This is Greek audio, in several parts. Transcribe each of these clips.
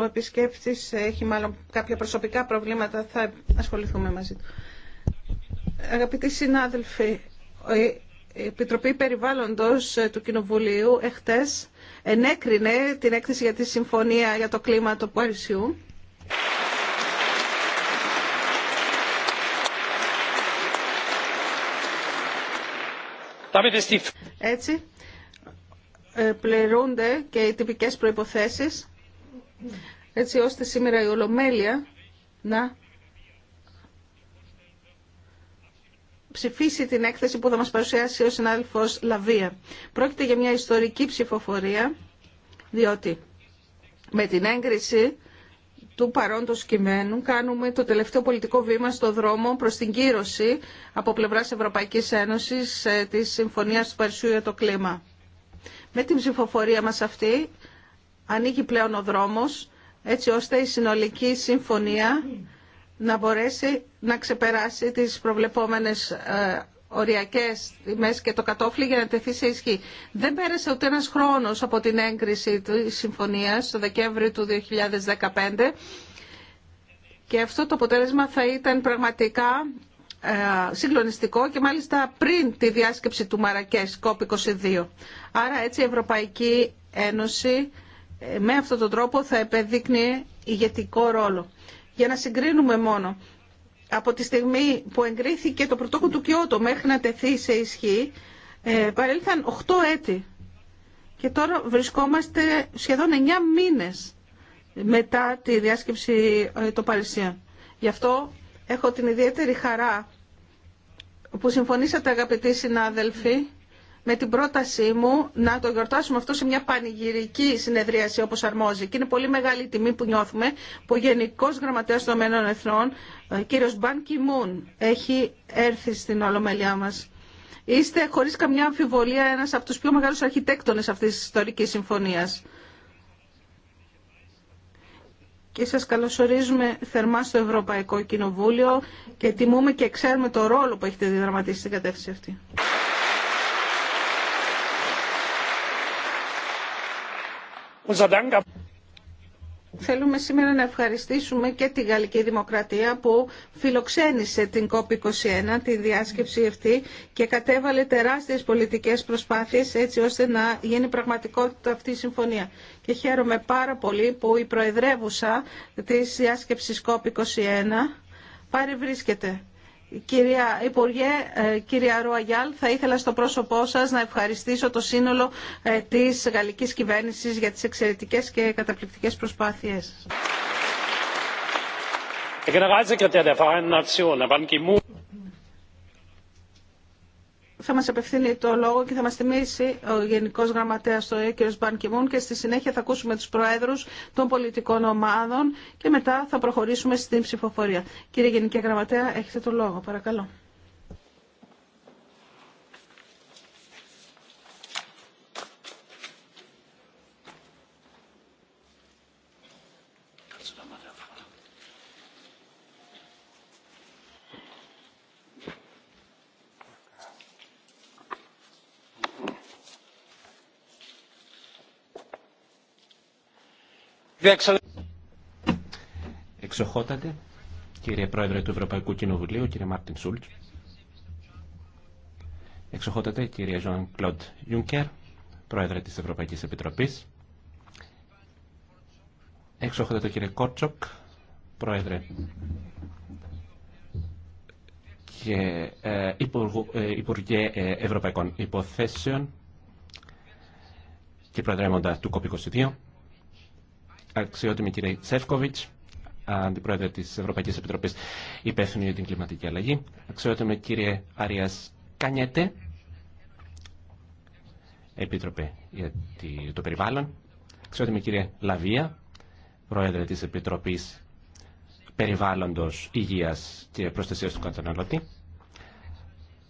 ο επισκέπτης έχει μάλλον κάποια προσωπικά προβλήματα, θα ασχοληθούμε μαζί του. Αγαπητοί συνάδελφοι, η Επιτροπή Περιβάλλοντος του Κοινοβουλίου εχθές ενέκρινε την έκθεση για τη Συμφωνία για το Κλίμα του Παρισιού. Έτσι, ε, πληρούνται και οι τυπικές προϋποθέσεις έτσι ώστε σήμερα η Ολομέλεια να ψηφίσει την έκθεση που θα μας παρουσιάσει ο συνάδελφος Λαβία. Πρόκειται για μια ιστορική ψηφοφορία, διότι με την έγκριση του παρόντος κειμένου κάνουμε το τελευταίο πολιτικό βήμα στο δρόμο προς την κύρωση από πλευράς Ευρωπαϊκής Ένωσης ε, της Συμφωνίας του Παρισιού για το κλίμα. Με την ψηφοφορία μας αυτή ανοίγει πλέον ο δρόμος έτσι ώστε η συνολική συμφωνία να μπορέσει να ξεπεράσει τις προβλεπόμενες ε, οριακές τιμές και το κατόφλι για να τεθεί σε ισχύ. Δεν πέρασε ούτε ένας χρόνος από την έγκριση της συμφωνίας το Δεκέμβριο του 2015 και αυτό το αποτέλεσμα θα ήταν πραγματικά ε, συγκλονιστικό και μάλιστα πριν τη διάσκεψη του Μαρακές COP22. Άρα έτσι η Ευρωπαϊκή Ένωση με αυτόν τον τρόπο θα επεδείκνει ηγετικό ρόλο. Για να συγκρίνουμε μόνο, από τη στιγμή που εγκρίθηκε το πρωτόκολλο του Κιώτο μέχρι να τεθεί σε ισχύ, ε, παρέλθαν 8 έτη. Και τώρα βρισκόμαστε σχεδόν 9 μήνες μετά τη διάσκεψη ε, των Παρισίων. Γι' αυτό έχω την ιδιαίτερη χαρά που συμφωνήσατε αγαπητοί συνάδελφοι με την πρότασή μου να το γιορτάσουμε αυτό σε μια πανηγυρική συνεδρίαση όπως αρμόζει. Και είναι πολύ μεγάλη τιμή που νιώθουμε που ο Γενικός Γραμματέας των Ομένων Εθνών, ε, κύριος Μπαν Κιμούν, έχει έρθει στην Ολομέλειά μας. Είστε χωρίς καμιά αμφιβολία ένας από τους πιο μεγάλους αρχιτέκτονες αυτής της ιστορικής συμφωνίας. Και σας καλωσορίζουμε θερμά στο Ευρωπαϊκό Κοινοβούλιο και τιμούμε και ξέρουμε το ρόλο που έχετε διδραματίσει στην κατεύθυνση αυτή. Θέλουμε σήμερα να ευχαριστήσουμε και τη Γαλλική Δημοκρατία που φιλοξένησε την COP21, τη διάσκεψη αυτή και κατέβαλε τεράστιες πολιτικές προσπάθειες έτσι ώστε να γίνει πραγματικότητα αυτή η συμφωνία. Και χαίρομαι πάρα πολύ που η Προεδρεύουσα της διάσκεψης COP21 παρευρίσκεται Κυρία Υπουργέ, ε, κυρία Ρουαγιάλ, θα ήθελα στο πρόσωπό σας να ευχαριστήσω το σύνολο ε, της γαλλικής κυβέρνησης για τις εξαιρετικές και καταπληκτικές προσπάθειες θα μας απευθύνει το λόγο και θα μας θυμίσει ο Γενικός Γραμματέας του ΕΕ, κ. Μπαν και στη συνέχεια θα ακούσουμε τους προέδρους των πολιτικών ομάδων και μετά θα προχωρήσουμε στην ψηφοφορία. Κύριε Γενική Γραμματέα, έχετε το λόγο, παρακαλώ. Εξοχότατε, κύριε Πρόεδρε του Ευρωπαϊκού Κοινοβουλίου, κύριε Μάρτιν Σούλτ. Εξοχότατε, κύριε Ζωάν Κλοντ Ιούνκερ, Πρόεδρε της Ευρωπαϊκής Επιτροπής. Εξοχότατε, κύριε Κόρτσοκ, Πρόεδρε και ε, ε, Υπουργέ ε, Ευρωπαϊκών Υποθέσεων και Προεδρέμοντα του κοπη 22 αξιότιμη κύριε Τσεύκοβιτ, αντιπρόεδρε τη Ευρωπαϊκή Επιτροπή υπεύθυνη για την κλιματική αλλαγή, αξιότιμη κύριε Άρια Κανιέτε, Επίτροπε για το περιβάλλον, αξιότιμη κύριε Λαβία, πρόεδρε της Επιτροπή περιβάλλοντο Υγεία και Προστασία του Καταναλωτή,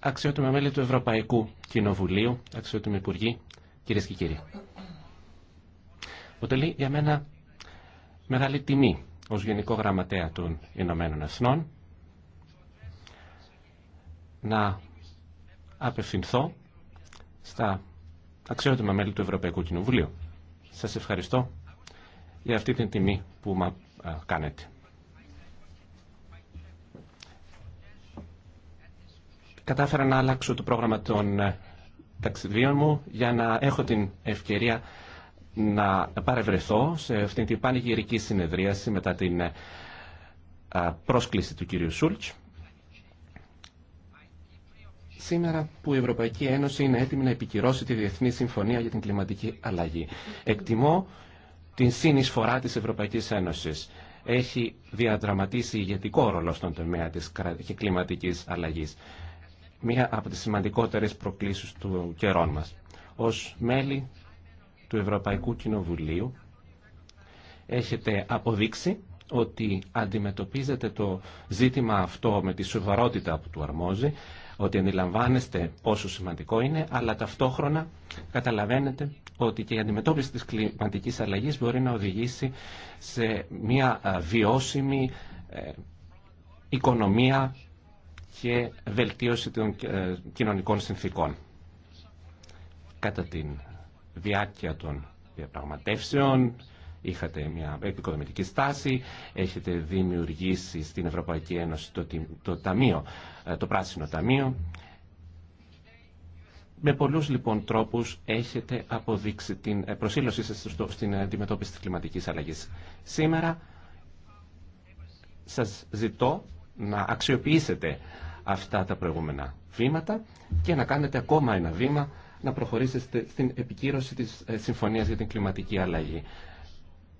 αξιότιμη μέλη του Ευρωπαϊκού Κοινοβουλίου, αξιότιμη Υπουργή κυρίε και κύριοι. Οτελεί για μένα μεγάλη τιμή ως Γενικό Γραμματέα των Ηνωμένων Εθνών να απευθυνθώ στα αξιότιμα μέλη του Ευρωπαϊκού Κοινοβουλίου. Σας ευχαριστώ για αυτή την τιμή που μα κάνετε. Κατάφερα να αλλάξω το πρόγραμμα των ε, ταξιδίων μου για να έχω την ευκαιρία να παρευρεθώ σε αυτήν την πανηγυρική συνεδρίαση μετά την ε, πρόσκληση του κυρίου Σούλτς. Σήμερα που η Ευρωπαϊκή Ένωση είναι έτοιμη να επικυρώσει τη Διεθνή Συμφωνία για την Κλιματική Αλλαγή. Εκτιμώ την συνεισφορά της Ευρωπαϊκής Ένωσης. Έχει διαδραματίσει ηγετικό ρόλο στον τομέα της κλιματικής αλλαγής. Μία από τις σημαντικότερες προκλήσεις του καιρών μας. Ως μέλη του Ευρωπαϊκού Κοινοβουλίου έχετε αποδείξει ότι αντιμετωπίζετε το ζήτημα αυτό με τη σοβαρότητα που του αρμόζει, ότι αντιλαμβάνεστε πόσο σημαντικό είναι, αλλά ταυτόχρονα καταλαβαίνετε ότι και η αντιμετώπιση της κλιματικής αλλαγής μπορεί να οδηγήσει σε μια βιώσιμη ε, οικονομία και βελτίωση των ε, κοινωνικών συνθήκων. Κατά την διάρκεια των διαπραγματεύσεων είχατε μια επικοδομητική στάση, έχετε δημιουργήσει στην Ευρωπαϊκή Ένωση το, το, ε, το πράσινο ταμείο. Με πολλούς λοιπόν τρόπους έχετε αποδείξει την ε, προσήλωσή σας στην αντιμετώπιση της κλιματικής αλλαγής. Σήμερα σας ζητώ να αξιοποιήσετε αυτά τα προηγούμενα βήματα και να κάνετε ακόμα ένα βήμα να προχωρήσετε στην επικύρωση της ε, Συμφωνίας για την Κλιματική Αλλαγή.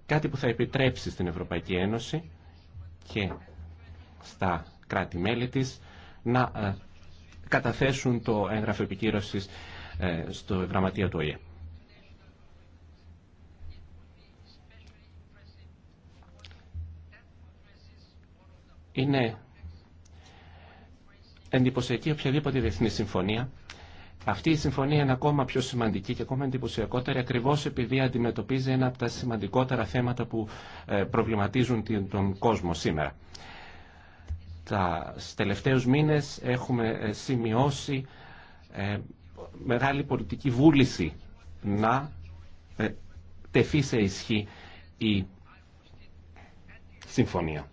Κάτι που θα επιτρέψει στην Ευρωπαϊκή Ένωση και στα κράτη-μέλη της να ε, καταθέσουν το έγγραφο επικύρωσης ε, στο γραμματεία του ΟΗΕ. Είναι εντυπωσιακή οποιαδήποτε διεθνή συμφωνία αυτή η συμφωνία είναι ακόμα πιο σημαντική και ακόμα εντυπωσιακότερη ακριβώ επειδή αντιμετωπίζει ένα από τα σημαντικότερα θέματα που ε, προβληματίζουν τον κόσμο σήμερα. Τα τελευταίους μήνες έχουμε ε, σημειώσει ε, μεγάλη πολιτική βούληση να τεθεί σε ισχύ η συμφωνία.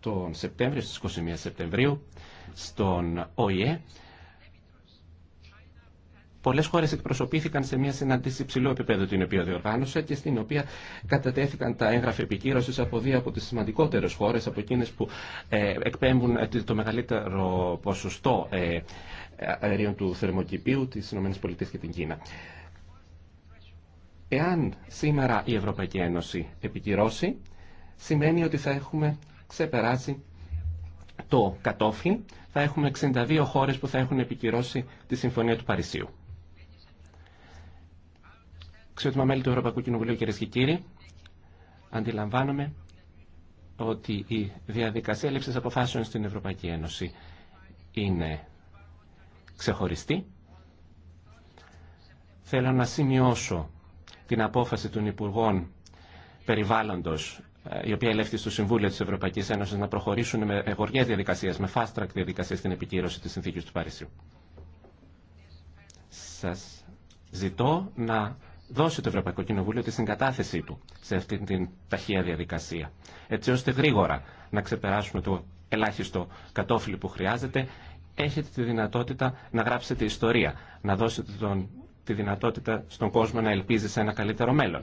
Τον Σεπτέμβριο, στις 21 Σεπτεμβρίου, στον ΟΗΕ Πολλέ χώρε εκπροσωπήθηκαν σε μια συναντήση υψηλού επίπεδου την οποία διοργάνωσε και στην οποία κατατέθηκαν τα έγγραφα επικύρωση από δύο από τι σημαντικότερε χώρε, από εκείνε που ε, εκπέμπουν ε, το μεγαλύτερο ποσοστό ε, αερίων του θερμοκηπίου, τι ΗΠΑ και την Κίνα. Εάν σήμερα η Ευρωπαϊκή Ένωση επικυρώσει, σημαίνει ότι θα έχουμε ξεπεράσει το κατόφλι, θα έχουμε 62 χώρες που θα έχουν επικυρώσει τη Συμφωνία του Παρισίου. Ξεωτήμα μέλη του Ευρωπαϊκού Κοινοβουλίου, κυρίε και κύριοι, αντιλαμβάνομαι ότι η διαδικασία λήψη αποφάσεων στην Ευρωπαϊκή Ένωση είναι ξεχωριστή. Θέλω να σημειώσω την απόφαση των Υπουργών Περιβάλλοντος ε, η οποία ελέγχθη στο Συμβούλιο τη Ευρωπαϊκή Ένωση να προχωρήσουν με εγωριέ διαδικασίε, με fast track στην επικύρωση τη συνθήκη του Παρισιού. Σα ζητώ να δώσει το Ευρωπαϊκό Κοινοβούλιο τη συγκατάθεσή του σε αυτή την ταχεία διαδικασία. Έτσι ώστε γρήγορα να ξεπεράσουμε το ελάχιστο κατόφλι που χρειάζεται, έχετε τη δυνατότητα να γράψετε ιστορία, να δώσετε τον, τη δυνατότητα στον κόσμο να ελπίζει σε ένα καλύτερο μέλλον.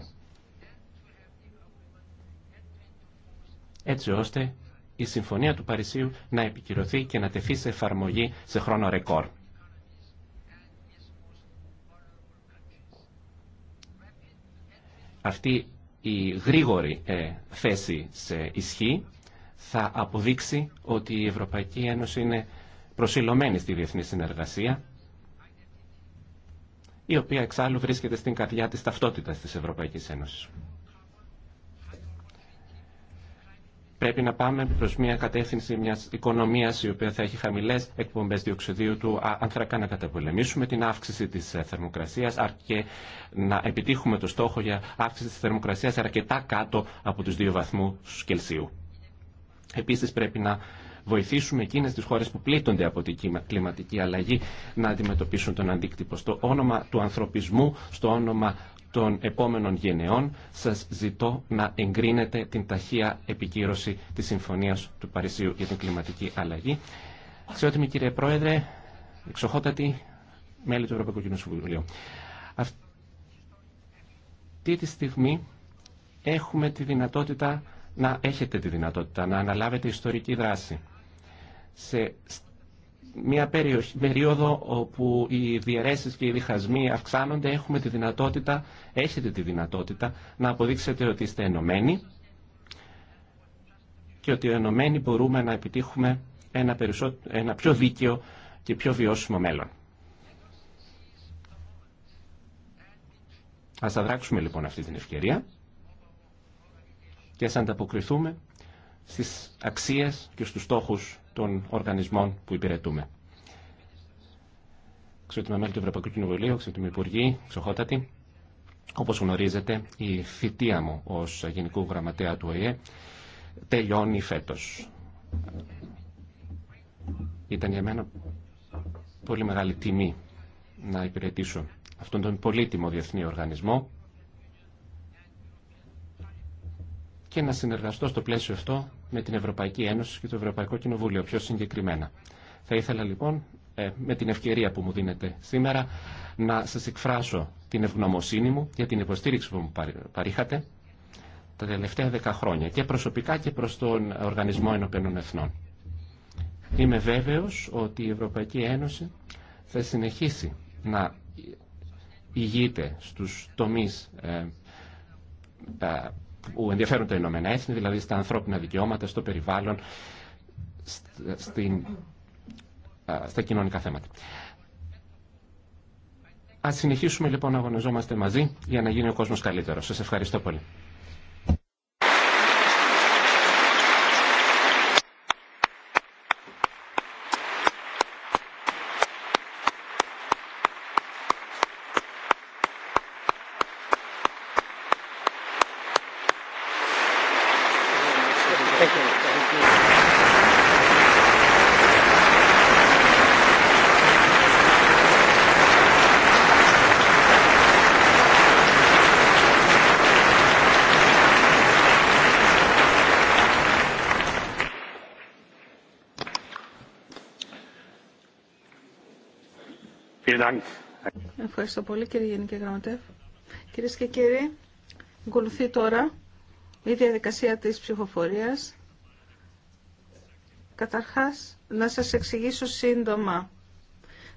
Έτσι ώστε η Συμφωνία του Παρισίου να επικυρωθεί και να τεθεί σε εφαρμογή σε χρόνο ρεκόρ. Αυτή η γρήγορη ε, θέση σε ισχύ θα αποδείξει ότι η Ευρωπαϊκή Ένωση είναι προσιλωμένη στη διεθνή συνεργασία, η οποία εξάλλου βρίσκεται στην καρδιά της ταυτότητας της Ευρωπαϊκής Ένωσης. Πρέπει να πάμε προ μια κατεύθυνση μια οικονομία, η οποία θα έχει χαμηλέ εκπομπέ διοξιδίου του άνθρακα να καταπολεμήσουμε την αύξηση τη ε, θερμοκρασία και να επιτύχουμε το στόχο για αύξηση τη θερμοκρασία αρκετά κάτω από του δύο βαθμού Κελσίου. Επίση πρέπει να βοηθήσουμε εκείνε τι χώρε που πλήττονται από την κλιματική αλλαγή να αντιμετωπίσουν τον αντίκτυπο. Στο όνομα του ανθρωπισμού, στο όνομα των επόμενων γενεών, σας ζητώ να εγκρίνετε την ταχεία επικύρωση της Συμφωνίας του Παρισίου για την κλιματική αλλαγή. Ξεότιμη κύριε Πρόεδρε, εξοχότατη μέλη του Ευρωπαϊκού Κοινοβουλίου. Αυτή τη στιγμή έχουμε τη δυνατότητα να έχετε τη δυνατότητα να αναλάβετε ιστορική δράση. Σε μια περίοδο όπου οι διαιρέσεις και οι διχασμοί αυξάνονται, έχουμε τη δυνατότητα, έχετε τη δυνατότητα να αποδείξετε ότι είστε ενωμένοι και ότι ενωμένοι μπορούμε να επιτύχουμε ένα, ένα πιο δίκαιο και πιο βιώσιμο μέλλον. Ας αδράξουμε λοιπόν αυτή την ευκαιρία και ας ανταποκριθούμε στις αξίες και στους στόχους των οργανισμών που υπηρετούμε. Ξεκινούμε μέλη του Ευρωπαϊκού Κοινοβουλίου, ξεκινούμε Υπουργοί, ξεχότατοι. Όπως γνωρίζετε, η θητεία μου ως Γενικού Γραμματέα του ΟΗΕ τελειώνει φέτος. Ήταν για μένα πολύ μεγάλη τιμή να υπηρετήσω αυτόν τον πολύτιμο διεθνή οργανισμό και να συνεργαστώ στο πλαίσιο αυτό με την Ευρωπαϊκή Ένωση και το Ευρωπαϊκό Κοινοβούλιο πιο συγκεκριμένα. Θα ήθελα λοιπόν ε, με την ευκαιρία που μου δίνετε σήμερα να σας εκφράσω την ευγνωμοσύνη μου για την υποστήριξη που μου παρήχατε τα τελευταία δέκα χρόνια και προσωπικά και προς τον Οργανισμό Ενωπαίνων Εθνών. Είμαι βέβαιος ότι η Ευρωπαϊκή Ένωση θα συνεχίσει να ηγείται στους τομείς ε, που ενδιαφέρουν τα Ηνωμένα Έθνη, δηλαδή στα ανθρώπινα δικαιώματα, στο περιβάλλον, στην, στα κοινωνικά θέματα. Ας συνεχίσουμε λοιπόν να αγωνιζόμαστε μαζί για να γίνει ο κόσμος καλύτερος. Σας ευχαριστώ πολύ. Ευχαριστώ πολύ κύριε Γενική Γραμματεύ. Κυρίες και κύριοι, ακολουθεί τώρα η διαδικασία της ψηφοφορίας. Καταρχάς, να σας εξηγήσω σύντομα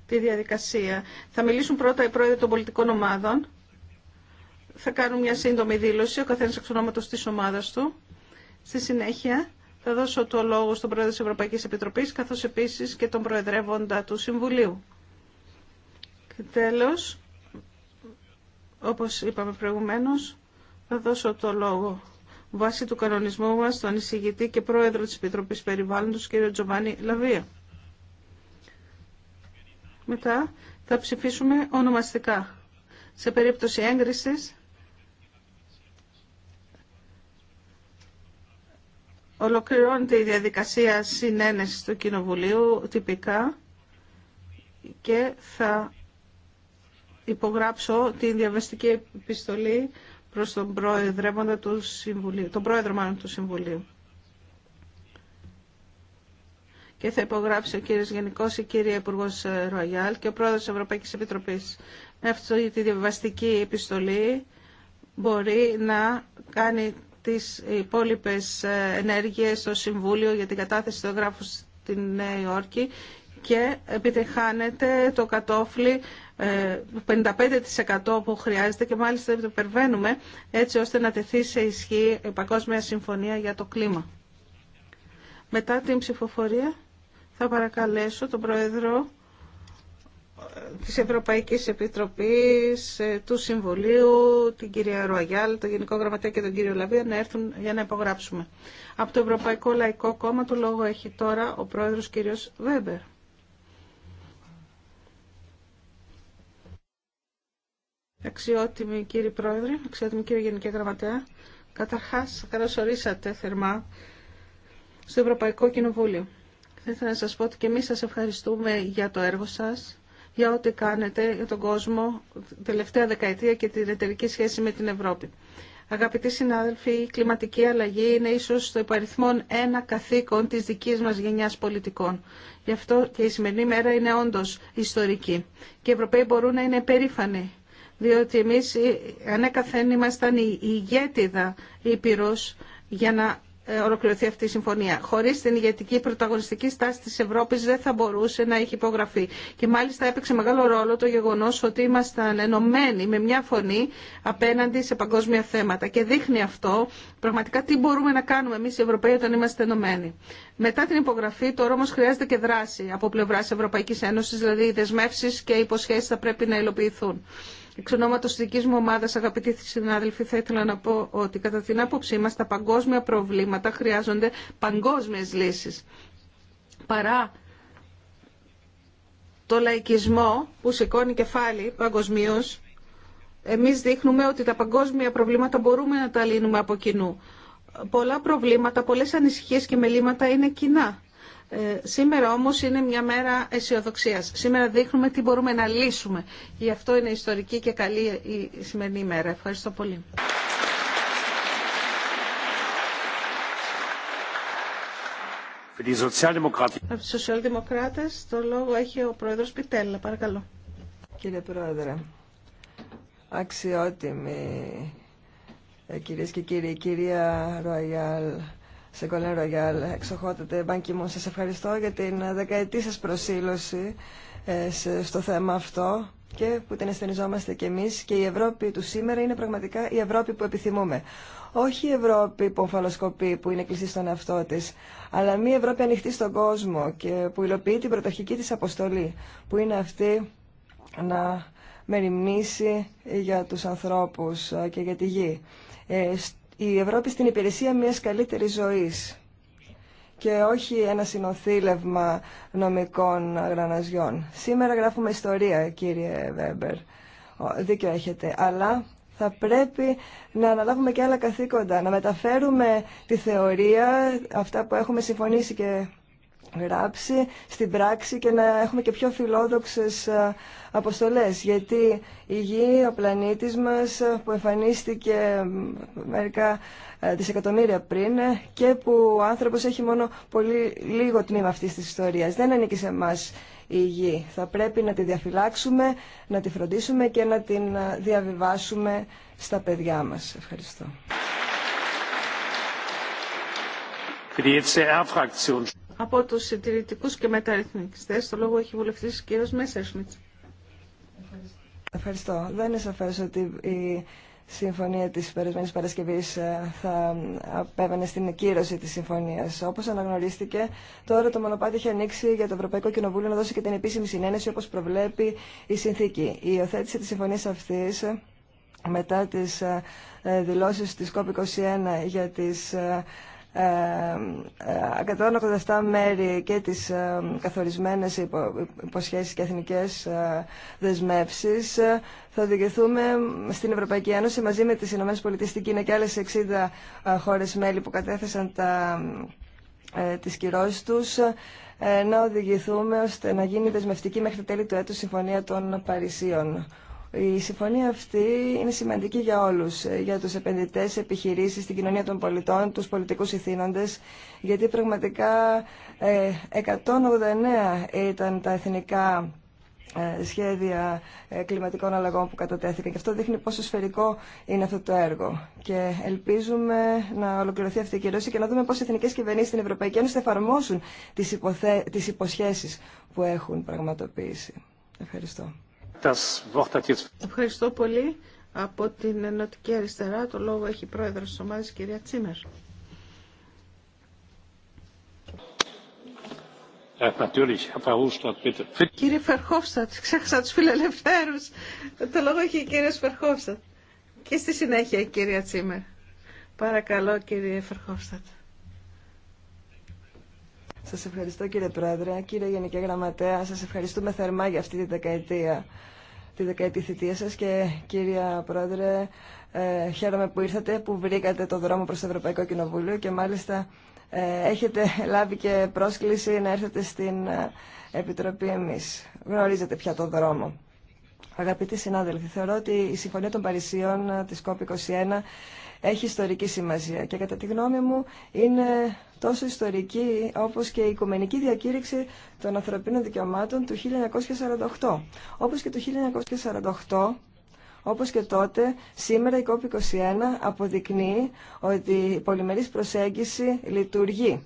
τη διαδικασία. Θα μιλήσουν πρώτα οι πρόεδροι των πολιτικών ομάδων. Θα κάνουν μια σύντομη δήλωση, ο καθένας εξ ονόματος της ομάδας του. Στη συνέχεια θα δώσω το λόγο στον πρόεδρο της Ευρωπαϊκής Επιτροπής, καθώς επίσης και τον προεδρεύοντα του Συμβουλίου. Και τέλος, όπως είπαμε προηγουμένως, θα δώσω το λόγο βάσει του κανονισμού μας τον εισηγητή και πρόεδρο της Επιτροπή Περιβάλλοντος, κ. Τζοβάνι Λαβία. Μετά θα ψηφίσουμε ονομαστικά. Σε περίπτωση έγκρισης, ολοκληρώνεται η διαδικασία συνένεσης του Κοινοβουλίου τυπικά και θα υπογράψω την διαβαστική επιστολή προς τον πρόεδρο, του Συμβουλίου, τον πρόεδρο μάλλον του Συμβουλίου. Και θα υπογράψει ο κύριος Γενικός, η κύριε Υπουργός Ροαγιάλ και ο πρόεδρος της Ευρωπαϊκής Επιτροπής. Με αυτή τη διαβαστική επιστολή μπορεί να κάνει τις υπόλοιπες ενέργειες στο Συμβούλιο για την κατάθεση του εγγράφου στη Νέα Υόρκη και επιτυχάνεται το κατόφλι 55% ε, που χρειάζεται και μάλιστα το υπερβαίνουμε έτσι ώστε να τεθεί σε ισχύ η Παγκόσμια Συμφωνία για το Κλίμα. Μετά την ψηφοφορία θα παρακαλέσω τον Πρόεδρο ε, της Ευρωπαϊκής Επιτροπής, ε, του Συμβουλίου, την κυρία Ρουαγιάλ, τον Γενικό Γραμματέα και τον κύριο Λαβία να έρθουν για να υπογράψουμε. Από το Ευρωπαϊκό Λαϊκό Κόμμα το λόγο έχει τώρα ο Πρόεδρος κύριος Βέμπερ. Αξιότιμη κύριε Πρόεδρε, αξιότιμη κύριε Γενική Γραμματέα, καταρχάς καλώς ορίσατε θερμά στο Ευρωπαϊκό Κοινοβούλιο. Θα ήθελα να σας πω ότι και εμείς σας ευχαριστούμε για το έργο σας, για ό,τι κάνετε για τον κόσμο τελευταία δεκαετία και την εταιρική σχέση με την Ευρώπη. Αγαπητοί συνάδελφοι, η κλιματική αλλαγή είναι ίσως το υπαριθμό ένα καθήκον της δικής μας γενιάς πολιτικών. Γι' αυτό και η σημερινή μέρα είναι όντω ιστορική. Και οι Ευρωπαίοι μπορούν να είναι περήφανοι διότι εμείς ε, ανέκαθεν ήμασταν η ηγέτιδα Ήπειρος για να ε, ολοκληρωθεί αυτή η συμφωνία. Χωρί την ηγετική πρωταγωνιστική στάση τη Ευρώπη δεν θα μπορούσε να έχει υπογραφεί. Και μάλιστα έπαιξε μεγάλο ρόλο το γεγονό ότι ήμασταν ενωμένοι με μια φωνή απέναντι σε παγκόσμια θέματα. Και δείχνει αυτό πραγματικά τι μπορούμε να κάνουμε εμεί οι Ευρωπαίοι όταν είμαστε ενωμένοι. Μετά την υπογραφή, τώρα όμω χρειάζεται και δράση από πλευρά Ευρωπαϊκή Ένωση, δηλαδή οι δεσμεύσει και οι υποσχέσει θα πρέπει να υλοποιηθούν. Εξ ονόματο τη δική μου ομάδα, αγαπητοί συνάδελφοι, θα ήθελα να πω ότι κατά την άποψή μα τα παγκόσμια προβλήματα χρειάζονται παγκόσμιε λύσει. Παρά το λαϊκισμό που σηκώνει κεφάλι παγκοσμίω, εμείς δείχνουμε ότι τα παγκόσμια προβλήματα μπορούμε να τα λύνουμε από κοινού. Πολλά προβλήματα, πολλές ανησυχίες και μελήματα είναι κοινά. Ε, σήμερα όμως είναι μια μέρα αισιοδοξία. Σήμερα δείχνουμε τι μπορούμε να λύσουμε. Γι' αυτό είναι ιστορική και καλή η σημερινή ημέρα. Ευχαριστώ πολύ. Από τους σοσιαλδημοκράτες το λόγο έχει ο Πρόεδρος Πιτέλα. Παρακαλώ. Κύριε Πρόεδρε, αξιότιμη ε, κυρίες και κύριοι, η κυρία Ροαγιάλ σε κολέρο για άλλα. Εξοχότατε, Μπάνκι σας ευχαριστώ για την ε, δεκαετή σας προσήλωση ε, στο θέμα αυτό και που την αισθενιζόμαστε κι εμείς και η Ευρώπη του σήμερα είναι πραγματικά η Ευρώπη που επιθυμούμε. Όχι η Ευρώπη που ομφαλοσκοπεί, που είναι κλειστή στον εαυτό τη, αλλά μια Ευρώπη ανοιχτή στον κόσμο και που υλοποιεί την πρωταρχική της αποστολή, που είναι αυτή να μεριμνήσει για τους ανθρώπους ε, και για τη γη η Ευρώπη στην υπηρεσία μιας καλύτερης ζωής και όχι ένα συνοθήλευμα νομικών γραναζιών. Σήμερα γράφουμε ιστορία, κύριε Βέμπερ. Δίκιο έχετε. Αλλά θα πρέπει να αναλάβουμε και άλλα καθήκοντα, να μεταφέρουμε τη θεωρία, αυτά που έχουμε συμφωνήσει και γράψει στην πράξη και να έχουμε και πιο φιλόδοξες ε, αποστολές. Γιατί η Γη, ο πλανήτης μας ε, που εμφανίστηκε μερικά ε, δισεκατομμύρια πριν και που ο άνθρωπος έχει μόνο πολύ λίγο τμήμα αυτής της ιστορίας. Δεν ανήκει σε εμά η Γη. Θα πρέπει να τη διαφυλάξουμε, να τη φροντίσουμε και να την διαβιβάσουμε στα παιδιά μας. Ευχαριστώ από τους συντηρητικού και μεταρρυθμιστές. Το λόγο έχει βουλευτής ο κύριος Μέσσερσμιτ. Ευχαριστώ. Δεν είναι σαφές ότι η συμφωνία της περισμένης Παρασκευής ε, θα απέβαινε στην κύρωση της συμφωνίας. Όπως αναγνωρίστηκε, τώρα το μονοπάτι έχει ανοίξει για το Ευρωπαϊκό Κοινοβούλιο να δώσει και την επίσημη συνένεση όπως προβλέπει η συνθήκη. Η υιοθέτηση της συμφωνίας αυτής μετά τις ε, δηλώσεις της COP21 για τις ε, 187 ε, ε, μέρη και τις ε, καθορισμένες υποσχέσεις και εθνικές δεσμεύσεις θα οδηγηθούμε στην Ευρωπαϊκή Ένωση μαζί με τις ΗΠΑ και άλλες 60 χώρες μέλη που κατέθεσαν τα, τις κυρώσεις τους να οδηγηθούμε ώστε να γίνει δεσμευτική μέχρι τέλη του έτους Συμφωνία των Παρισίων η συμφωνία αυτή είναι σημαντική για όλους, ε, για τους επενδυτές, επιχειρήσεις, την κοινωνία των πολιτών, τους πολιτικούς ηθήνοντες, γιατί πραγματικά 189 ε, ήταν τα εθνικά ε, σχέδια κλιματικών αλλαγών που κατατέθηκαν και αυτό δείχνει πόσο σφαιρικό είναι αυτό το έργο. Και ελπίζουμε να ολοκληρωθεί αυτή η κυρώση και να δούμε πώς οι εθνικές κυβερνήσεις στην Ευρωπαϊκή Ένωση θα εφαρμόσουν τις, υποθε... υποσχέσεις που έχουν πραγματοποιήσει. Ευχαριστώ. Ευχαριστώ πολύ. Από την Ενωτική Αριστερά το λόγο έχει η πρόεδρος της ομάδας, κυρία Τσίμερ. Κύριε Φερχόφστατ, ξέχασα τους φιλελευθέρους. Το λόγο έχει η κυρία Φερχόφστατ. Και στη συνέχεια η κυρία Τσίμερ. Παρακαλώ κύριε Φερχόφστατ. Σας ευχαριστώ κύριε Πρόεδρε, κύριε Γενική Γραμματέα, σας ευχαριστούμε θερμά για αυτή τη δεκαετία τη δεκαετή θητεία σας και κύριε Πρόεδρε ε, χαίρομαι που ήρθατε, που βρήκατε το δρόμο προς το Ευρωπαϊκό Κοινοβούλιο και μάλιστα ε, έχετε λάβει και πρόσκληση να έρθετε στην ε, Επιτροπή εμείς. Γνωρίζετε πια το δρόμο. Αγαπητοί συνάδελφοι, θεωρώ ότι η Συμφωνία των Παρισίων ε, της COP21 έχει ιστορική σημασία και κατά τη γνώμη μου είναι τόσο ιστορική όπως και η Οικουμενική Διακήρυξη των Ανθρωπίνων Δικαιωμάτων του 1948. Όπως και το 1948, όπως και τότε, σήμερα η COP21 αποδεικνύει ότι η πολυμερής προσέγγιση λειτουργεί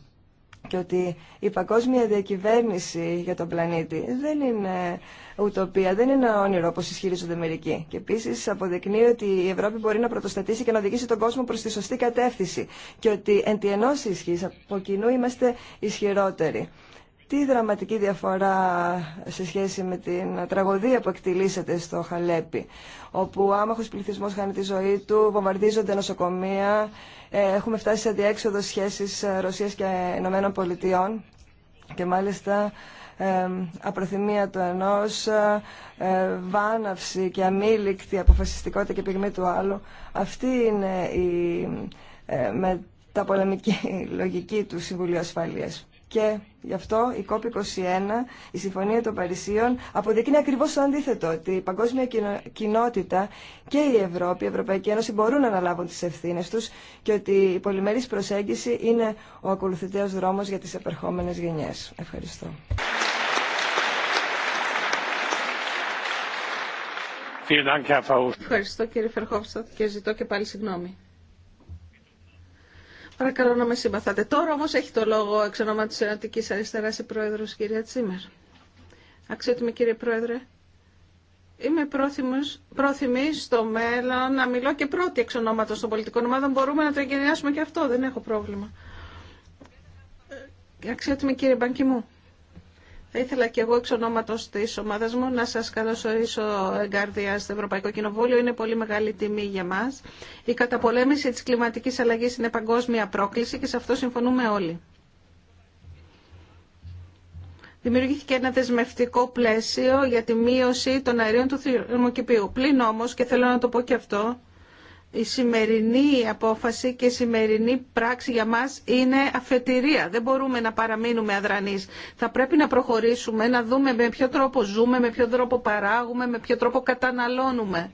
και ότι η παγκόσμια διακυβέρνηση για τον πλανήτη δεν είναι ουτοπία, δεν είναι όνειρο όπως ισχυρίζονται μερικοί. Και επίσης αποδεικνύει ότι η Ευρώπη μπορεί να πρωτοστατήσει και να οδηγήσει τον κόσμο προς τη σωστή κατεύθυνση και ότι εν τη ενός ισχύς από κοινού είμαστε ισχυρότεροι. Τι δραματική διαφορά σε σχέση με την τραγωδία που εκτιλήσατε στο Χαλέπι, όπου άμαχος πληθυσμός χάνει τη ζωή του, βομβαρδίζονται νοσοκομεία, ε, έχουμε φτάσει σε αντιέξοδο σχέσεις ε, Ρωσίας και Ηνωμένων Πολιτειών και μάλιστα ε, απροθυμία του ενός, βάναυση και αμήλικτη αποφασιστικότητα και πυγμή του άλλου. Αυτή είναι η μεταπολεμική λογική του Συμβουλίου Ασφαλείας. Γι' αυτό η COP21, η Συμφωνία των Παρισίων, αποδεικνύει ακριβώ το αντίθετο, ότι η παγκόσμια κοινότητα και η Ευρώπη, η Ευρωπαϊκή Ένωση μπορούν να αναλάβουν τι ευθύνε του και ότι η πολυμερή προσέγγιση είναι ο ακολουθητέο δρόμο για τι επερχόμενε γενιέ. Ευχαριστώ. Ευχαριστώ κύριε Φερχόφστατ και ζητώ και πάλι συγγνώμη. Παρακαλώ να με συμπαθάτε. Τώρα όμως έχει το λόγο εξ ονόμα της Ενωτική Αριστεράς η πρόεδρο κυρία Τσίμερ. Αξιότιμη κύριε Πρόεδρε, είμαι πρόθυμος, πρόθυμη στο μέλλον να μιλώ και πρώτη εξ ονόματο των πολιτικών ομάδων. Μπορούμε να το εγκαινιάσουμε και αυτό, δεν έχω πρόβλημα. Ε, αξιότιμη κύριε Μπανκιμού, θα ήθελα και εγώ εξ ονόματο τη ομάδα μου να σας καλωσορίσω εγκάρδια στο Ευρωπαϊκό Κοινοβούλιο. Είναι πολύ μεγάλη τιμή για μα. Η καταπολέμηση της κλιματικής αλλαγής είναι παγκόσμια πρόκληση και σε αυτό συμφωνούμε όλοι. Δημιουργήθηκε ένα δεσμευτικό πλαίσιο για τη μείωση των αερίων του θερμοκηπίου. Πλην όμω και θέλω να το πω και αυτό, η σημερινή απόφαση και η σημερινή πράξη για μας είναι αφετηρία. Δεν μπορούμε να παραμείνουμε αδρανείς. Θα πρέπει να προχωρήσουμε, να δούμε με ποιο τρόπο ζούμε, με ποιο τρόπο παράγουμε, με ποιο τρόπο καταναλώνουμε.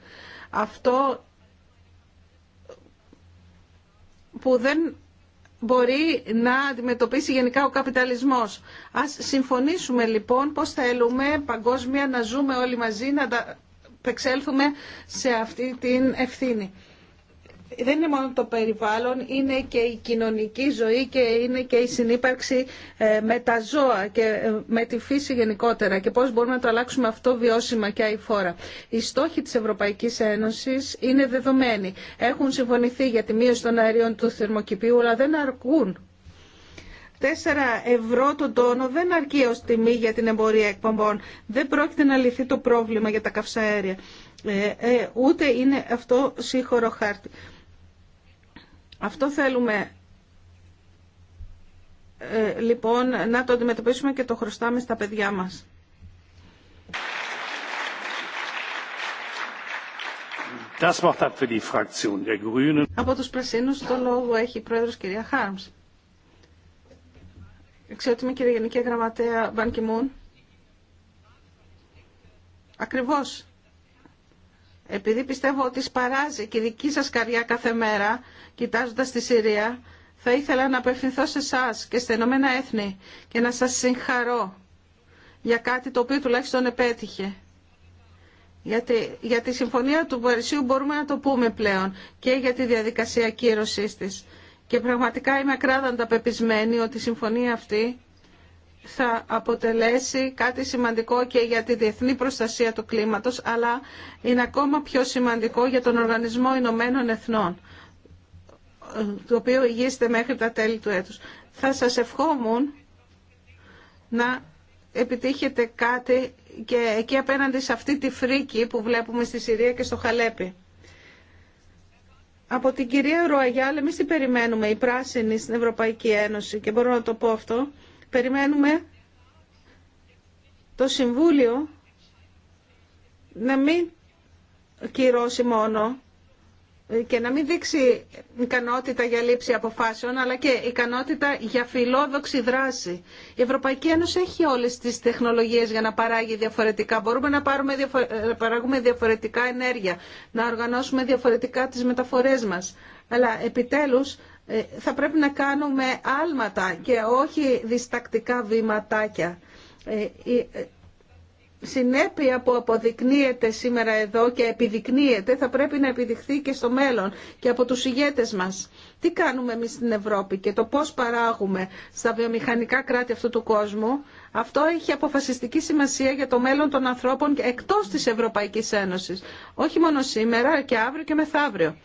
Αυτό που δεν μπορεί να αντιμετωπίσει γενικά ο καπιταλισμός. Ας συμφωνήσουμε λοιπόν πώς θέλουμε παγκόσμια να ζούμε όλοι μαζί, να τα σε αυτή την ευθύνη δεν είναι μόνο το περιβάλλον, είναι και η κοινωνική ζωή και είναι και η συνύπαρξη ε, με τα ζώα και ε, με τη φύση γενικότερα και πώς μπορούμε να το αλλάξουμε αυτό βιώσιμα και αηφόρα. Οι στόχοι της Ευρωπαϊκής Ένωσης είναι δεδομένοι. Έχουν συμφωνηθεί για τη μείωση των αερίων του θερμοκηπίου, αλλά δεν αρκούν. Τέσσερα ευρώ τον τόνο δεν αρκεί ως τιμή για την εμπορία εκπομπών. Δεν πρόκειται να λυθεί το πρόβλημα για τα καυσαέρια. Ε, ούτε είναι αυτό σύγχρονο χάρτη. Αυτό θέλουμε ε, λοιπόν να το αντιμετωπίσουμε και το χρωστάμε στα παιδιά μας. Από τους Πρασίνους το λόγο έχει η Πρόεδρος κυρία Χάρμς. Εξαιρετούμε κύριε Γενική Γραμματέα Μπανκιμούν. Κιμούν. Ακριβώς επειδή πιστεύω ότι σπαράζει και η δική σας καριά κάθε μέρα, κοιτάζοντας τη Συρία, θα ήθελα να απευθυνθώ σε εσά και στα Ηνωμένα Έθνη και να σας συγχαρώ για κάτι το οποίο τουλάχιστον επέτυχε. Γιατί για τη συμφωνία του Παρισίου μπορούμε να το πούμε πλέον και για τη διαδικασία κύρωσής της. Και πραγματικά είμαι ακράδαντα πεπισμένη ότι η συμφωνία αυτή θα αποτελέσει κάτι σημαντικό και για τη διεθνή προστασία του κλίματος, αλλά είναι ακόμα πιο σημαντικό για τον Οργανισμό Ηνωμένων Εθνών, το οποίο υγείστε μέχρι τα τέλη του έτους. Θα σας ευχόμουν να επιτύχετε κάτι και εκεί απέναντι σε αυτή τη φρίκη που βλέπουμε στη Συρία και στο Χαλέπι. Από την κυρία Ροαγιάλ, εμείς τι περιμένουμε, η πράσινη στην Ευρωπαϊκή Ένωση και μπορώ να το πω αυτό, περιμένουμε το Συμβούλιο να μην κυρώσει μόνο και να μην δείξει ικανότητα για λήψη αποφάσεων, αλλά και ικανότητα για φιλόδοξη δράση. Η Ευρωπαϊκή Ένωση έχει όλες τις τεχνολογίες για να παράγει διαφορετικά. Μπορούμε να, παράγουμε διαφορετικά ενέργεια, να οργανώσουμε διαφορετικά τις μεταφορές μας. Αλλά επιτέλους ε, θα πρέπει να κάνουμε άλματα και όχι διστακτικά βήματάκια. Ε, η ε, συνέπεια που αποδεικνύεται σήμερα εδώ και επιδεικνύεται θα πρέπει να επιδειχθεί και στο μέλλον και από τους ηγέτες μας. Τι κάνουμε εμείς στην Ευρώπη και το πώς παράγουμε στα βιομηχανικά κράτη αυτού του κόσμου. Αυτό έχει αποφασιστική σημασία για το μέλλον των ανθρώπων εκτός της Ευρωπαϊκής Ένωσης. Όχι μόνο σήμερα και αύριο και μεθαύριο.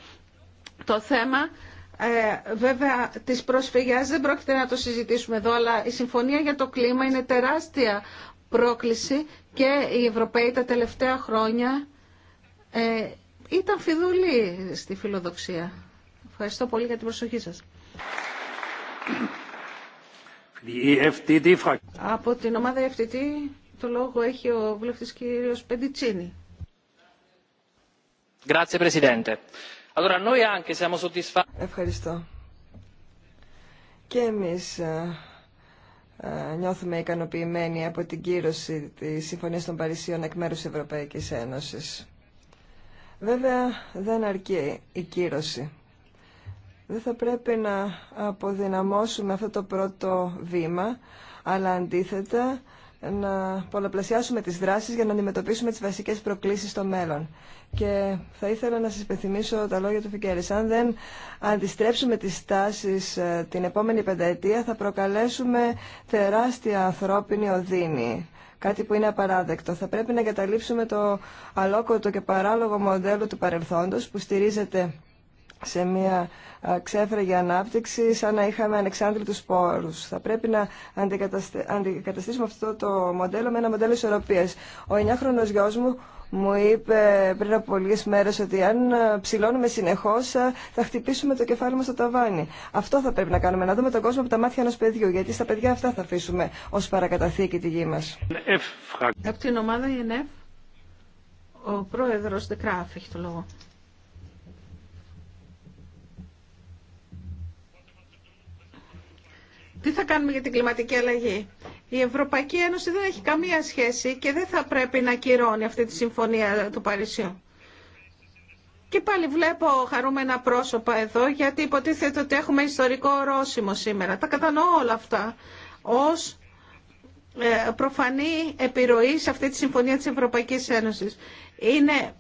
Το θέμα ε, βέβαια, της προσφυγιά δεν πρόκειται να το συζητήσουμε εδώ, αλλά η Συμφωνία για το Κλίμα είναι τεράστια πρόκληση και οι Ευρωπαίοι τα τελευταία χρόνια ε, ήταν φιδουλοί στη φιλοδοξία. Ευχαριστώ πολύ για την προσοχή σα. E Από την ομάδα e FTT το λόγο έχει ο βουλευτής κύριος Πεντιτσίνη. Grazie, Ευχαριστώ. Και εμεί ε, ε, νιώθουμε ικανοποιημένοι από την κύρωση τη Συμφωνία των Παρισίων εκ μέρου Ευρωπαϊκή Ευρωπαϊκής Ένωσης. Βέβαια δεν αρκεί η κύρωση. Δεν θα πρέπει να αποδυναμώσουμε αυτό το πρώτο βήμα, αλλά αντίθετα να πολλαπλασιάσουμε τις δράσεις για να αντιμετωπίσουμε τις βασικές προκλήσεις στο μέλλον. Και θα ήθελα να σας υπενθυμίσω τα λόγια του Φικέρης. Αν δεν αντιστρέψουμε τις στάσεις ε, την επόμενη πενταετία θα προκαλέσουμε τεράστια ανθρώπινη οδύνη. Κάτι που είναι απαράδεκτο. Θα πρέπει να εγκαταλείψουμε το αλόκοτο και παράλογο μοντέλο του παρελθόντος που στηρίζεται σε μια ξέφραγη ανάπτυξη σαν να είχαμε ανεξάντλητους πόρους. Θα πρέπει να αντικαταστήσουμε αυτό το μοντέλο με ένα μοντέλο ισορροπίας. Ο 9χρονος γιος μου μου είπε πριν από λίγε μέρες ότι αν ψηλώνουμε συνεχώς θα χτυπήσουμε το κεφάλι μας στο ταβάνι. Αυτό θα πρέπει να κάνουμε, να δούμε τον κόσμο από τα μάτια ενός παιδιού, γιατί στα παιδιά αυτά θα αφήσουμε ως παρακαταθήκη τη γη μας. Από την ομάδα ΕΝΕΦ, ο πρόεδρος Δεκράφ έχει το λόγο. Τι θα κάνουμε για την κλιματική αλλαγή. Η Ευρωπαϊκή Ένωση δεν έχει καμία σχέση και δεν θα πρέπει να κυρώνει αυτή τη συμφωνία του Παρισιού. Και πάλι βλέπω χαρούμενα πρόσωπα εδώ, γιατί υποτίθεται ότι έχουμε ιστορικό ορόσημο σήμερα. Τα κατανοώ όλα αυτά ως ε, προφανή επιρροή σε αυτή τη Συμφωνία της Ευρωπαϊκής Ένωσης. Είναι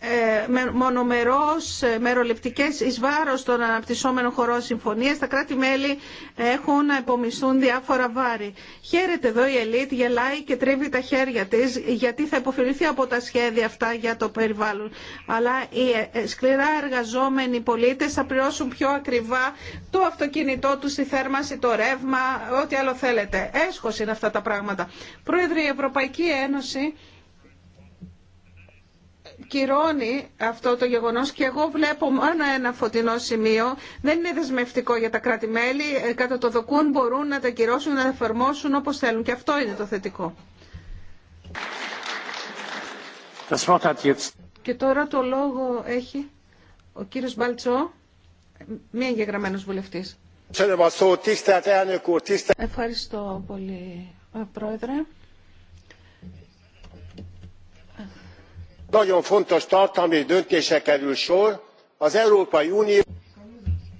ε, μονομερώς ε, μεροληπτικές εις βάρος των αναπτυσσόμενων χωρών συμφωνίες. Τα κράτη-μέλη έχουν να υπομισθούν διάφορα βάρη. Χαίρεται εδώ η ελίτ, γελάει και τρίβει τα χέρια της γιατί θα υποφεληθεί από τα σχέδια αυτά για το περιβάλλον. Αλλά οι ε, σκληρά εργαζόμενοι πολίτες θα πληρώσουν πιο ακριβά το αυτοκίνητό του τη θέρμανση, το ρεύμα, ό,τι άλλο θέλετε. Έσχος είναι αυτά τα πράγματα. Πρόεδρε, η Ευρωπαϊκή Ένωση κυρώνει αυτό το γεγονός και εγώ βλέπω μόνο ένα φωτεινό σημείο. Δεν είναι δεσμευτικό για τα κράτη-μέλη. Ε, κατά το δοκούν μπορούν να τα κυρώσουν, να τα εφαρμόσουν όπως θέλουν. Και αυτό είναι το θετικό. Και τώρα το λόγο έχει ο κύριος Μπαλτσό, μη εγγεγραμμένος βουλευτής. Ευχαριστώ πολύ, Πρόεδρε. nagyon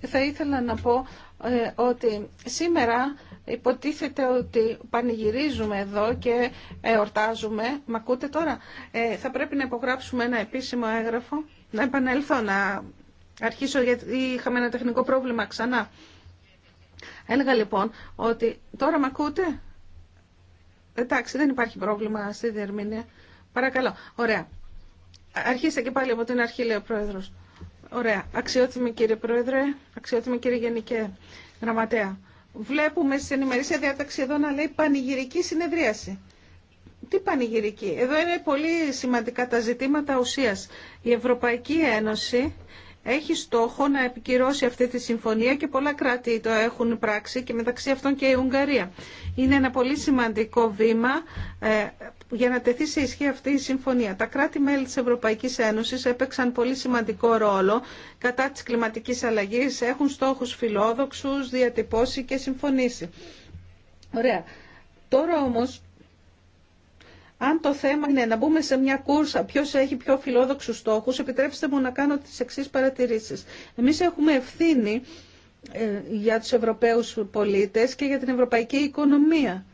θα ήθελα να πω ε, ότι σήμερα υποτίθεται ότι πανηγυρίζουμε εδώ και ε, εορτάζουμε. Μα ακούτε τώρα, ε, θα πρέπει να υπογράψουμε ένα επίσημο έγγραφο. Να επανέλθω, να αρχίσω γιατί είχαμε ένα τεχνικό πρόβλημα ξανά. Έλεγα λοιπόν ότι τώρα μακούτε, ακούτε. Εντάξει, δεν υπάρχει πρόβλημα στη διερμηνία. Παρακαλώ. Ωραία. Αρχίστε και πάλι από την αρχή, λέει ο Πρόεδρος. Ωραία. Αξιότιμη κύριε Πρόεδρε, αξιότιμη κύριε Γενικέ Γραμματέα. Βλέπουμε στην ενημερήσια διάταξη εδώ να λέει πανηγυρική συνεδρίαση. Τι πανηγυρική. Εδώ είναι πολύ σημαντικά τα ζητήματα ουσίας. Η Ευρωπαϊκή Ένωση έχει στόχο να επικυρώσει αυτή τη συμφωνία και πολλά κράτη το έχουν πράξει και μεταξύ αυτών και η Ουγγαρία. Είναι ένα πολύ σημαντικό βήμα ε, για να τεθεί σε ισχύ αυτή η συμφωνία. Τα κράτη-μέλη της Ευρωπαϊκής Ένωσης έπαιξαν πολύ σημαντικό ρόλο κατά της κλιματικής αλλαγής, έχουν στόχους φιλόδοξους, διατυπώσει και συμφωνήσει. Ωραία. Τώρα όμως αν το θέμα είναι να μπούμε σε μια κούρσα ποιο έχει πιο φιλόδοξου στόχου, επιτρέψτε μου να κάνω τι εξή παρατηρήσει. Εμεί έχουμε ευθύνη ε, για τους Ευρωπαίους πολίτες και για την ευρωπαϊκή οικονομία.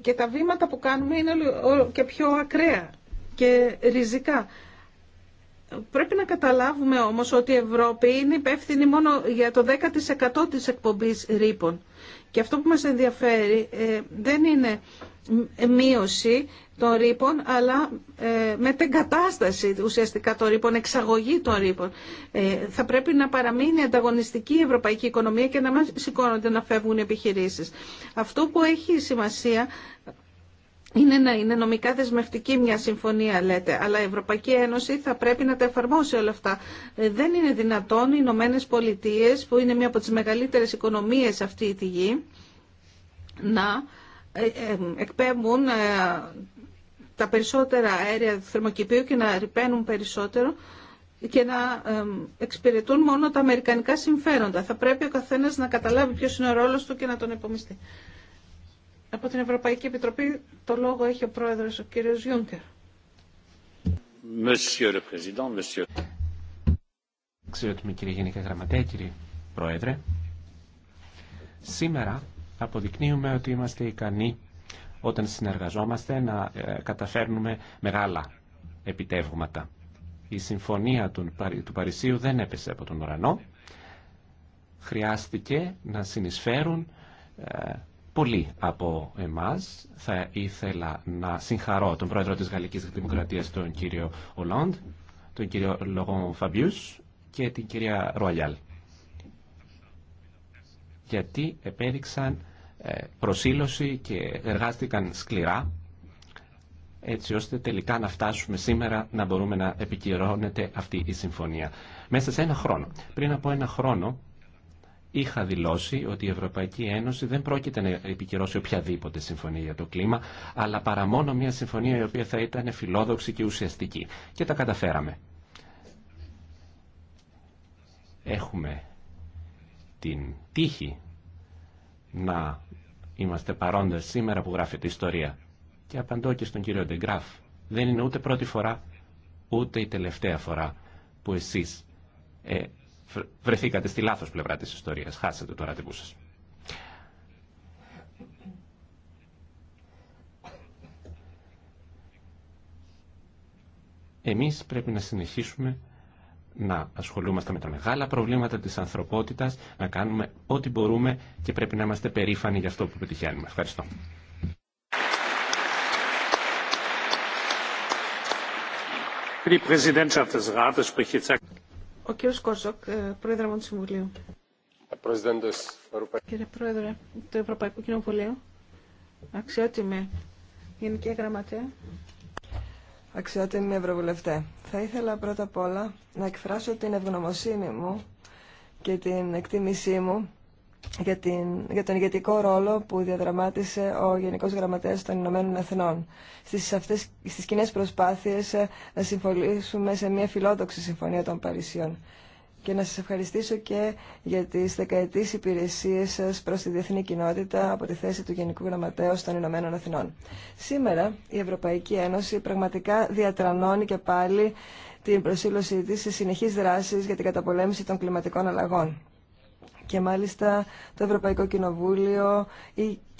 Και τα βήματα που κάνουμε είναι και πιο ακραία και ριζικά. Πρέπει να καταλάβουμε όμως ότι η Ευρώπη είναι υπεύθυνη μόνο για το 10% της εκπομπής ρήπων. Και αυτό που μας ενδιαφέρει ε, δεν είναι μείωση των ρήπων, αλλά ε, με την κατάσταση ουσιαστικά των ρήπων, εξαγωγή των ρήπων. Ε, θα πρέπει να παραμείνει ανταγωνιστική η ευρωπαϊκή οικονομία και να μην σηκώνονται να φεύγουν οι επιχειρήσεις. Αυτό που έχει σημασία είναι να είναι νομικά δεσμευτική μια συμφωνία, λέτε, αλλά η Ευρωπαϊκή Ένωση θα πρέπει να τα εφαρμόσει όλα αυτά. Ε, δεν είναι δυνατόν οι Ηνωμένε Πολιτείε, που είναι μια από τι μεγαλύτερε οικονομίε αυτή τη γη, να ε, ε, ε, εκπέμπουν τα περισσότερα αέρια του θερμοκηπίου και να ρηπαίνουν περισσότερο και να εξυπηρετούν μόνο τα αμερικανικά συμφέροντα. Θα πρέπει ο καθένας να καταλάβει ποιος είναι ο ρόλος του και να τον επομιστεί. Από την Ευρωπαϊκή Επιτροπή το λόγο έχει ο πρόεδρος, ο κύριος Γιούνκερ. Monsieur le Président, Monsieur... κύριε Γενικά Γραμματέα, κύριε Πρόεδρε, σήμερα αποδεικνύουμε ότι είμαστε ικανοί όταν συνεργαζόμαστε να ε, καταφέρνουμε μεγάλα επιτεύγματα. Η συμφωνία του Παρισίου δεν έπεσε από τον ουρανό. Χρειάστηκε να συνεισφέρουν ε, πολλοί από εμάς. Θα ήθελα να συγχαρώ τον πρόεδρο της Γαλλικής Δημοκρατίας, τον κύριο Ολόντ, τον κύριο Λογόν Φαμπιούς και την κυρία Ρουαλιάλ. Γιατί επέδειξαν ε, προσήλωση και εργάστηκαν σκληρά έτσι ώστε τελικά να φτάσουμε σήμερα να μπορούμε να επικυρώνεται αυτή η συμφωνία. Μέσα σε ένα χρόνο. Πριν από ένα χρόνο είχα δηλώσει ότι η Ευρωπαϊκή Ένωση δεν πρόκειται να επικυρώσει οποιαδήποτε συμφωνία για το κλίμα, αλλά παρά μόνο μια συμφωνία η οποία θα ήταν φιλόδοξη και ουσιαστική. Και τα καταφέραμε. Έχουμε την τύχη να είμαστε παρόντες σήμερα που γράφεται ιστορία. Και απαντώ και στον κύριο Ντεγκράφ. Δεν είναι ούτε πρώτη φορά, ούτε η τελευταία φορά που εσείς ε, βρεθήκατε στη λάθος πλευρά της ιστορίας. Χάσατε το ραντεβού σας. Εμείς πρέπει να συνεχίσουμε να ασχολούμαστε με τα μεγάλα προβλήματα της ανθρωπότητας, να κάνουμε ό,τι μπορούμε και πρέπει να είμαστε περήφανοι για αυτό που πετυχαίνουμε. Ευχαριστώ. Ο κύριος Κόρσοκ, ε, πρόεδρο του Συμβουλίου. Κύριε Πρόεδρε του Ευρωπαϊκού Κοινοβουλίου, αξιότιμε Γενική Γραμματέα, αξιότιμοι ευρωβουλευτέ. Θα ήθελα πρώτα απ' όλα να εκφράσω την ευγνωμοσύνη μου και την εκτίμησή μου για, την, για τον ηγετικό ρόλο που διαδραμάτισε ο Γενικός Γραμματέας των Ηνωμένων Εθνών στις, αυτές, στις κοινές προσπάθειες ε, να συμφωνήσουμε σε μια φιλόδοξη συμφωνία των Παρισιών και να σας ευχαριστήσω και για τις δεκαετίες υπηρεσίες σας προς τη διεθνή κοινότητα από τη θέση του Γενικού Γραμματέου των Ηνωμένων Αθηνών. Σήμερα η Ευρωπαϊκή Ένωση πραγματικά διατρανώνει και πάλι την προσήλωσή της σε συνεχείς δράσεις για την καταπολέμηση των κλιματικών αλλαγών. Και μάλιστα το Ευρωπαϊκό Κοινοβούλιο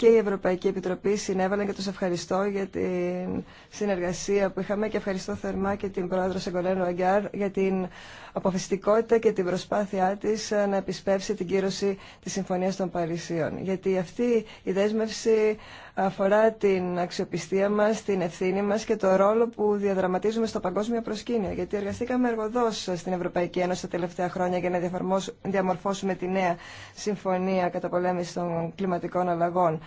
και η Ευρωπαϊκή Επιτροπή συνέβαλαν και τους ευχαριστώ για την συνεργασία που είχαμε και ευχαριστώ θερμά και την Πρόεδρο Σεγκολένου Αγκιάρ για την αποφασιστικότητα και την προσπάθειά της ε, να επισπεύσει την κύρωση της Συμφωνίας των Παρισίων. Γιατί αυτή η δέσμευση αφορά την αξιοπιστία μας, την ευθύνη μας και το ρόλο που διαδραματίζουμε στο παγκόσμιο προσκήνιο. Γιατί εργαστήκαμε εργοδός στην Ευρωπαϊκή Ένωση τα τελευταία χρόνια για να διαμορφώσουμε τη νέα συμφωνία κατά των κλιματικών αλλαγών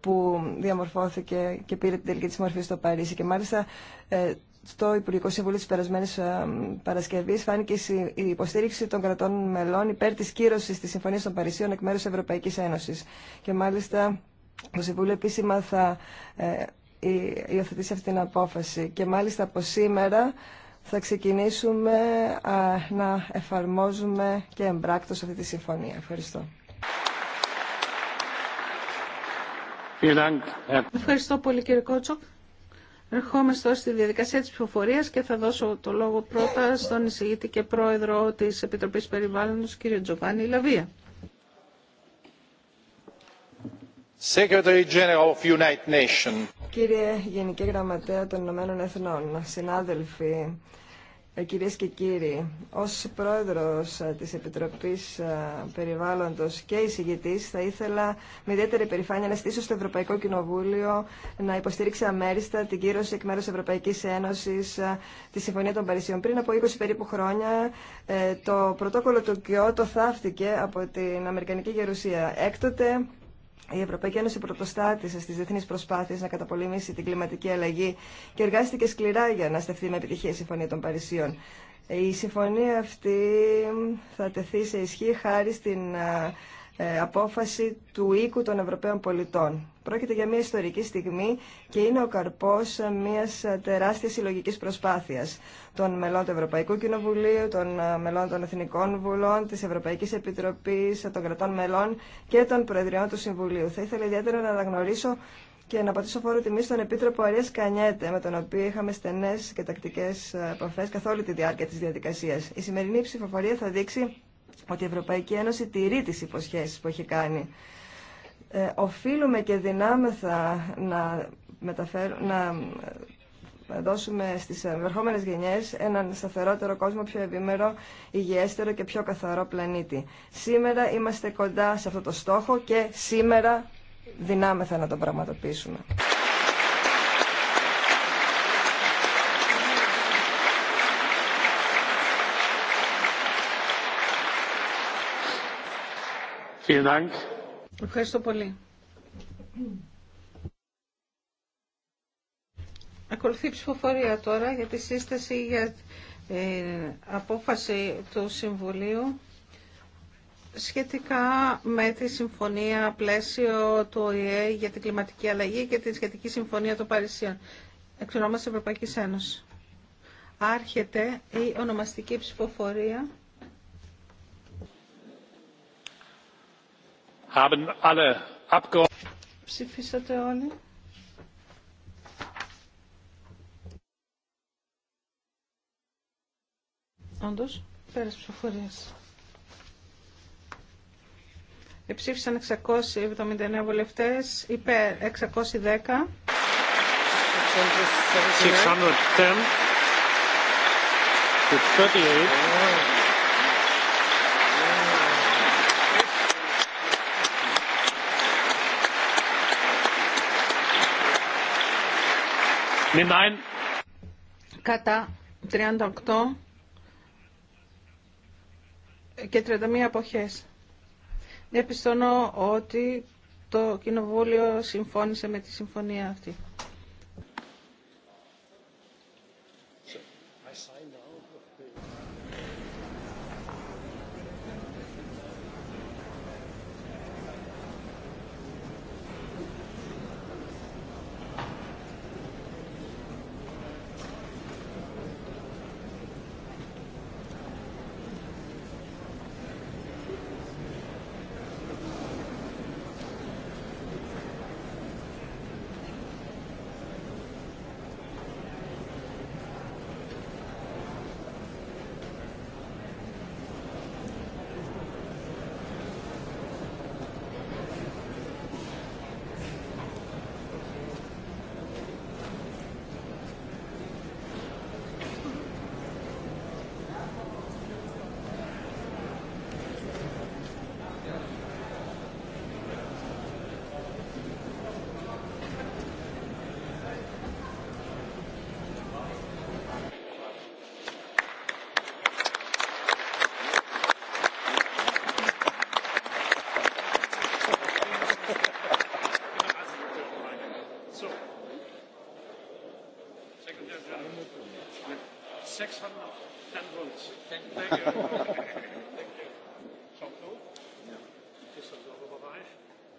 που διαμορφώθηκε και πήρε την τελική της μορφή στο Παρίσι. Και μάλιστα ε, στο Υπουργικό Συμβούλιο της περασμένης ε, Παρασκευής φάνηκε η υποστήριξη των κρατών μελών υπέρ της κύρωσης της Συμφωνίας των Παρισίων εκ μέρους Ευρωπαϊκής Ένωσης. Και μάλιστα το Συμβούλιο επίσημα θα ε, υιοθετήσει αυτή την απόφαση. Και μάλιστα από σήμερα θα ξεκινήσουμε να εφαρμόζουμε και εμπράκτος αυτή τη συμφωνία. Ευχαριστώ. Ευχαριστώ πολύ κύριε Κότσο. Ερχόμαστε τώρα στη διαδικασία της ψηφοφορίας και θα δώσω το λόγο πρώτα στον εισηγητή και πρόεδρο της Επιτροπής Περιβάλλοντος, κύριο Τζοβάνι Λαβία. Κύριε Γενική Γραμματέα των Ηνωμένων Εθνών, συνάδελφοι, ε, κυρίες και κύριοι, ως πρόεδρος ε, της Επιτροπής ε, Περιβάλλοντος και εισηγητής θα ήθελα με ιδιαίτερη περηφάνεια να στήσω στο Ευρωπαϊκό Κοινοβούλιο να υποστηρίξει αμέριστα την κύρωση εκ μέρους Ευρωπαϊκής Ένωσης τη Συμφωνία των Παρισιών. Πριν από 20 περίπου χρόνια το πρωτόκολλο του Κιώτο θαύτηκε από την Αμερικανική Γερουσία. Έκτοτε η Ευρωπαϊκή Ένωση πρωτοστάτησε στι διεθνεί προσπάθειε να καταπολεμήσει την κλιματική αλλαγή και εργάστηκε σκληρά για να στεφθεί με επιτυχία η Συμφωνία των Παρισίων. Η συμφωνία αυτή θα τεθεί σε ισχύ χάρη στην ε, απόφαση του οίκου των Ευρωπαίων πολιτών. Πρόκειται για μια ιστορική στιγμή και είναι ο καρπός μιας τεράστιας συλλογική προσπάθειας των μελών του Ευρωπαϊκού Κοινοβουλίου, των ε, μελών των Εθνικών Βουλών, της Ευρωπαϊκής Επιτροπής, των κρατών μελών και των Προεδριών του Συμβουλίου. Θα ήθελα ιδιαίτερα να αναγνωρίσω και να πατήσω φόρο τιμή στον Επίτροπο Αρία Κανιέτε, με τον οποίο είχαμε στενέ και τακτικέ επαφέ καθ' όλη τη διάρκεια τη διαδικασία. Η σημερινή ψηφοφορία θα δείξει ότι η Ευρωπαϊκή Ένωση τηρεί τις υποσχέσεις που έχει κάνει. Ε, οφείλουμε και δυνάμεθα να, να ε, δώσουμε στις ερχόμενες γενιές έναν σταθερότερο κόσμο, πιο ευήμερο, υγιέστερο και πιο καθαρό πλανήτη. Σήμερα είμαστε κοντά σε αυτό το στόχο και σήμερα δυνάμεθα να το πραγματοποιήσουμε. Ευχαριστώ πολύ. Ακολουθεί η ψηφοφορία τώρα για τη σύσταση για ε, απόφαση του Συμβουλίου σχετικά με τη Συμφωνία Πλαίσιο του ΟΗΕ για την κλιματική αλλαγή και τη σχετική Συμφωνία των Παρισίων. Εξ Ευρωπαϊκή Ευρωπαϊκής Άρχεται η ονομαστική ψηφοφορία. haben alle Abgeordneten. Ψηφίσατε όλοι. Όντως, πέρας ψηφοφορίας. Εψήφισαν 679 βουλευτές, υπέρ 610. 610 to 38. Κατά 38 και 31 αποχές. Διαπιστώνω ότι το Κοινοβούλιο συμφώνησε με τη συμφωνία αυτή.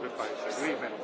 the Paris Agreement.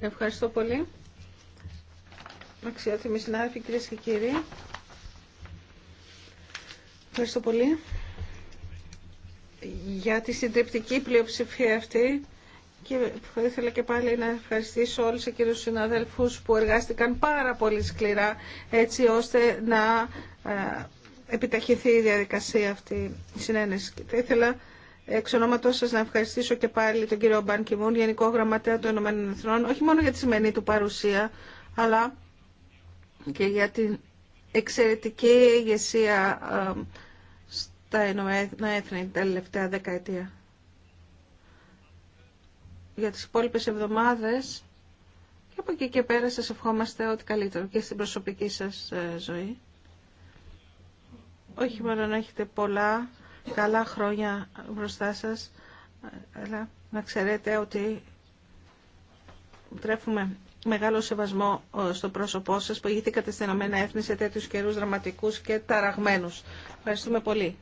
Ευχαριστώ πολύ. Αξιότιμοι συνάδελφοι, κυρίε και κύριοι. Ευχαριστώ πολύ για τη συντριπτική πλειοψηφία αυτή και θα ήθελα και πάλι να ευχαριστήσω όλους εκείνους τους συναδέλφους που εργάστηκαν πάρα πολύ σκληρά έτσι ώστε να ε, επιταχυθεί η διαδικασία αυτή η συνένεση. Θα ήθελα Εξ ονόματός σας να ευχαριστήσω και πάλι τον κύριο Μπαν Κιμούν, Γενικό Γραμματέα των Ηνωμένων Εθνών, όχι μόνο για τη σημερινή του παρουσία, αλλά και για την εξαιρετική ηγεσία ε, στα Ηνωμένα Έθνη τα τελευταία δεκαετία. Για τις υπόλοιπες εβδομάδες και από εκεί και πέρα σας ευχόμαστε ό,τι καλύτερο και στην προσωπική σας ε, ζωή. Όχι μόνο να έχετε πολλά καλά χρόνια μπροστά σας, αλλά να ξέρετε ότι τρέφουμε μεγάλο σεβασμό ε, στο πρόσωπό σας που ηγηθήκατε στην ΕΕ σε τέτοιους καιρούς δραματικούς και ταραγμένους. Ευχαριστούμε πολύ.